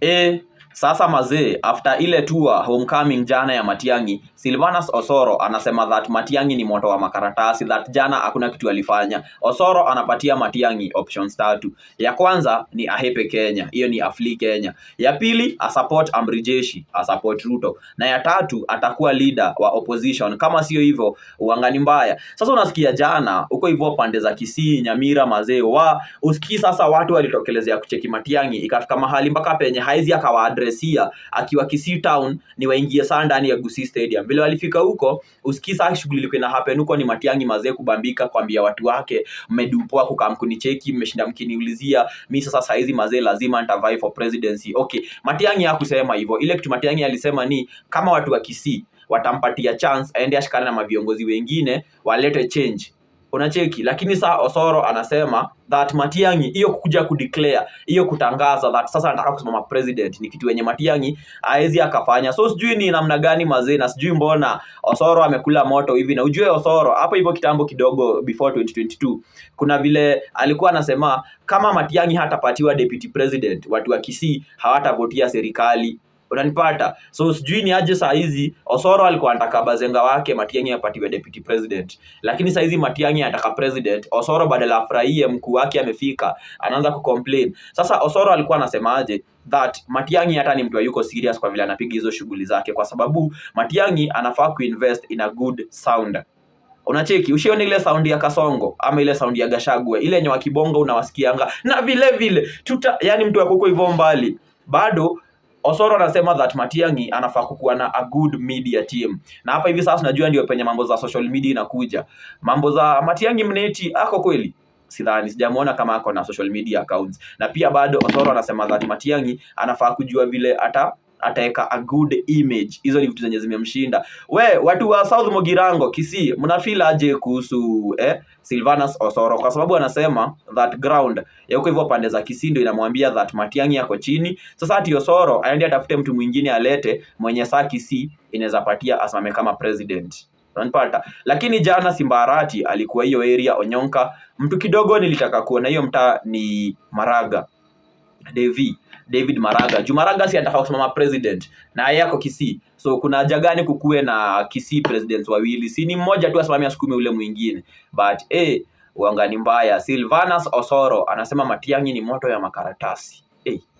e Sasa mazee, after ile tour homecoming jana ya Matiang'i, Silvanus Osoro anasema that Matiang'i ni moto wa makaratasi, that jana hakuna kitu alifanya. Osoro anapatia Matiang'i options tatu. Ya kwanza ni ahepe Kenya, hiyo ni afli Kenya. Ya pili a support amri jeshi, support Ruto, na ya tatu atakuwa leader wa opposition. Kama sio hivyo uangani mbaya. Sasa unasikia jana uko hivyo pande za Kisii, Nyamira, mazee wa usikii. Sasa watu walitokelezea kucheki Matiang'i, ikafika mahali mpaka penye haizi akawa address Chelsea akiwa Kisii Town ni waingie saa ndani ya Gusii Stadium. Vile walifika huko, usikii saa shughuli ilikuwa ina happen huko, ni Matiang'i mazee kubambika kwambia watu wake mmedupua kukaa mkunicheki, mmeshinda mkiniulizia mimi sasa saizi mazee lazima nitavai for presidency. Okay, Matiang'i hakusema hivyo. Ile kitu Matiang'i alisema ni kama watu wa Kisii watampatia chance aende ashikane na maviongozi wengine walete change Unacheki, lakini saa Osoro anasema that Matiang'i, hiyo kuja kudeclare hiyo kutangaza that sasa anataka kusimama president ni kitu yenye Matiang'i haezi akafanya. So sijui ni namna gani mazee, na sijui mbona Osoro amekula moto hivi. Na ujue Osoro hapo hivyo kitambo kidogo, before 2022 kuna vile alikuwa anasema kama Matiang'i hatapatiwa deputy president, watu wa Kisii hawatavotia serikali unanipata. So sijui ni aje saa hizi Osoro alikuwa anataka Bazenga wake Matiang'i apatiwe deputy president, lakini saa hizi Matiang'i anataka president. Osoro badala afurahie mkuu wake amefika, anaanza ku complain. Sasa Osoro alikuwa anasemaje? that Matiang'i hata ni mtu yuko serious kwa vile anapiga hizo shughuli zake, kwa sababu Matiang'i anafaa kuinvest in a good sound Unacheki, ushione ile saundi ya Kasongo ama ile saundi ya Gashagwe ile yenye wakibongo unawasikianga, na vile vile tuta, yani mtu akuko hivyo mbali bado Osoro anasema that Matiang'i anafaa kukuwa na a good media team, na hapa hivi sasa tunajua ndio penye mambo za social media inakuja. Mambo za Matiang'i mneti ako kweli Sidhani, sijamuona kama ako na social media accounts. Na pia bado Osoro anasema that Matiang'i anafaa kujua vile ata ataweka a good image. Hizo ni vitu zenye zimemshinda. We watu wa South Mogirango, Kisii, mnafeel aje kuhusu eh, Silvanus Osoro? Kwa sababu anasema that ground ya huko hivyo pande za Kisii ndio inamwambia that Matiang'i yako chini. Sasa ati Osoro aende atafute mtu mwingine alete mwenye saa Kisii inaweza patia asimame kama president. Unanipata? Lakini jana Simbarati alikuwa hiyo area Onyonka. Mtu kidogo nilitaka kuona hiyo mtaa ni Maraga. Devi David Maraga. Juu Maraga si anataka kusimama president na yeye ako Kisii. So kuna haja gani kukuwe na Kisii presidents wawili? Si ni mmoja tu asimamia sukumi ule mwingine. But eh, uangani mbaya. Silvanus Osoro anasema Matiang'i ni moto ya makaratasi. Eh.